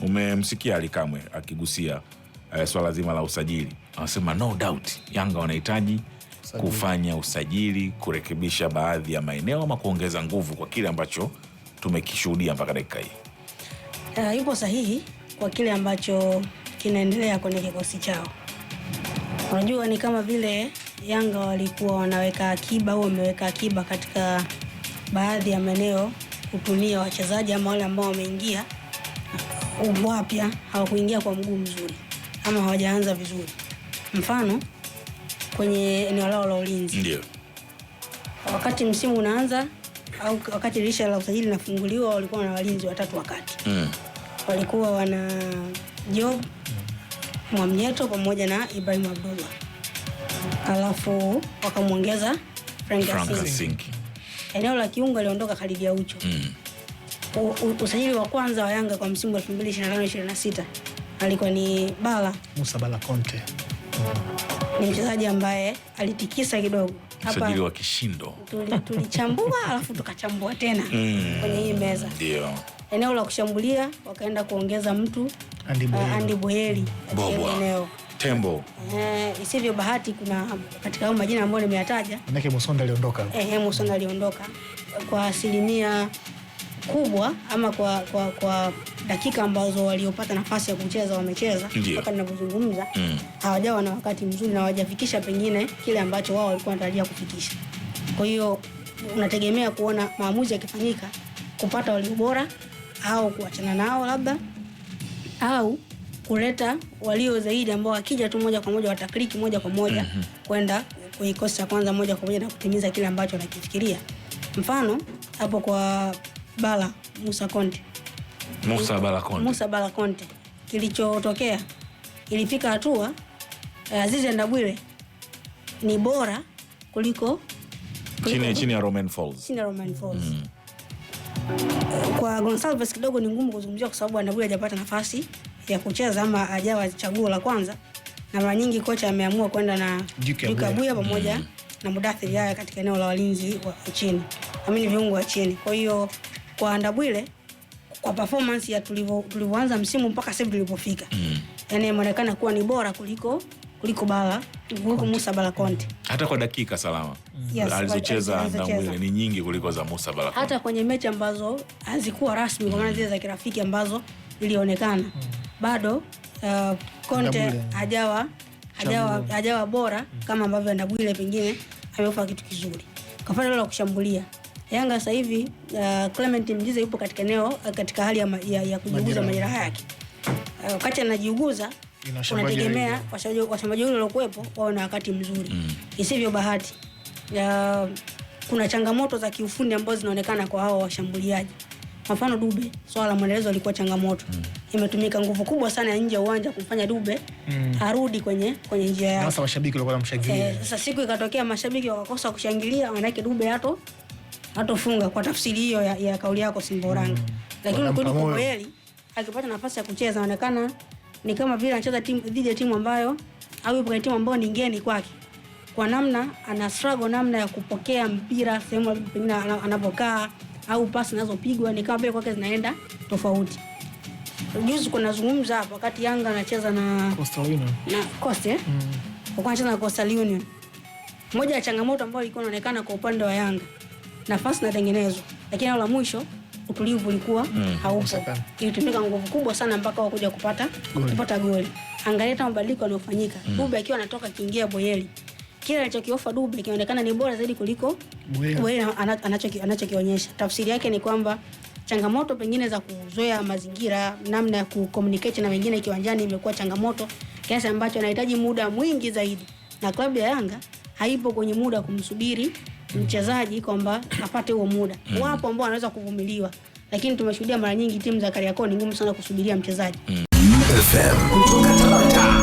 Umemsikia Ally Kamwe akigusia uh, swala zima la usajili, anasema no doubt Yanga wanahitaji kufanya usajili, kurekebisha baadhi ya maeneo ama kuongeza nguvu kwa kile ambacho tumekishuhudia mpaka dakika hii. Uh, eh, yupo sahihi kwa kile ambacho kinaendelea kwenye kikosi chao. Unajua, ni kama vile Yanga walikuwa wanaweka akiba au wameweka akiba katika baadhi ya maeneo kutumia wachezaji ama wale ambao wameingia wapya hawakuingia kwa mguu mzuri ama hawajaanza vizuri. Mfano kwenye eneo lao la ulinzi, ndio wakati msimu unaanza au wakati dirisha la usajili linafunguliwa, walikuwa na walinzi watatu wakati mm. walikuwa wana Job Mwamnyeto pamoja na Ibrahim Abdullah, alafu wakamwongeza Frank Asinki. Eneo la kiungo aliondoka Khalid Aucho mm usajili wa kwanza wa Yanga kwa msimu wa 2025 2026 alikuwa ni Bala Musa Bala Conte. Ni mchezaji ambaye alitikisa kidogo msajili wa kishindo, tulichambua alafu tukachambua tena mm, kwenye hii meza ndio eneo la kushambulia wakaenda kuongeza mtu Andi uh, Boyeli eneo tembo eh, isivyo bahati, kuna katika hayo majina ambayo nimeyataja, manake Musonda aliondoka, eh, Musonda aliondoka kwa asilimia kubwa ama kwa, kwa, kwa dakika ambazo waliopata nafasi ya kucheza wamecheza mpaka ninavyozungumza, mm. hawajawa na wakati mzuri na hawajafikisha pengine kile ambacho wao walikuwa wanatarajia kufikisha. Kwa hiyo unategemea kuona maamuzi yakifanyika kupata walio bora au kuachana nao labda au kuleta walio zaidi ambao wakija tu moja kwa moja watakliki moja kwa moja mm -hmm. kwenda kwenye kikosi cha kwanza moja kwa moja na kutimiza kile ambacho wanakifikiria. Mfano hapo kwa Bala Musa Konte, Musa Bala Konte, Musa Bala Konte, kilichotokea ilifika hatua eh, Azizi Ndabwile ni bora kuliko chini chini ya Roman Falls. chini ya Roman Falls. mm. Eh, kwa Gonsalves kidogo ni ngumu kuzungumzia kwa sababu Ndabwile hajapata nafasi ya kucheza ama ajawa chaguo la kwanza, na mara nyingi kocha ameamua kwenda na Duke Abuya pamoja mm. na Mudathir Yahya katika eneo la walinzi wa chini, amini viungo wa chini, kwa hiyo kwa Andabwile kwa performance ya tulivyoanza msimu mpaka sasa tulipofika. Mm. Yaani inaonekana kuwa ni bora kuliko kuliko Bala kuliko Musa Bala Conte. Hata kwa dakika salama. Mm. Yes, alizocheza Handabwile ni nyingi kuliko za Musa Bala Conte. Hata kwenye mechi ambazo hazikuwa rasmi kwa maana mm. zile za kirafiki ambazo ilionekana mm. bado uh, Conte hajawa hajawa hajawa bora mm. kama ambavyo Handabwile pengine amefanya kitu kizuri. Kafanya pande la kushambulia Yanga sasa hivi uh, Clement Mjiza yupo katika eneo uh, katika hali ya, ya, ya kujiuguza majeraha yake. uh, Wakati uh, anajiuguza unategemea washambaji wale waliokuwepo wawe na wakati mzuri mm. Isivyo bahati uh, kuna changamoto za kiufundi ambazo zinaonekana kwa hao washambuliaji. Kwa mfano Dube, swala la mwendelezo alikuwa changamoto mm. Imetumika nguvu kubwa sana ya nje ya uwanja kumfanya Dube mm. arudi kwenye kwenye njia yake. Sasa washabiki walikuwa wanamshangilia. Eh, sasa siku ikatokea mashabiki wakakosa kushangilia, maana Dube hato hatofunga kwa tafsiri hiyo ya, ya kauli yako Simboranga mm. Lakini kweli kwa kweli akipata nafasi ya kucheza anaonekana ni kama vile anacheza timu dhidi ya timu ambayo au yupo timu ambayo ni ngeni kwake, kwa namna ana struggle namna ya kupokea mpira sehemu pengine anapokaa au pasi zinazopigwa ni kama vile kwake zinaenda tofauti. Juzi kuna zungumza hapo wakati Yanga anacheza na Coastal Union na Coast eh mm. kwa kwanza na Coastal Union, moja ya changamoto ambayo ilikuwa inaonekana kwa upande wa Yanga nafasi zinatengenezwa, lakini ao la mwisho utulivu ulikuwa mm, haupo. Ilitumika nguvu kubwa sana mpaka wakuja kupata goli. kupata goli. Angalia hata mabadiliko yaliyofanyika mm. Dube akiwa anatoka kiingia Boyeli, kile alichokiofa Dube kinaonekana ni bora zaidi kuliko Boyeli anachokionyesha. Tafsiri yake ni kwamba changamoto pengine za kuzoea mazingira, namna ya kucommunicate na wengine kiwanjani imekuwa changamoto kiasi ambacho anahitaji muda mwingi zaidi, na klabu ya Yanga haipo kwenye muda wa kumsubiri mchezaji kwamba apate huo muda. Mm. Wapo ambao wanaweza kuvumiliwa, lakini tumeshuhudia mara nyingi timu za Kariakoo ni ngumu sana kusubiria mchezaji FM mm.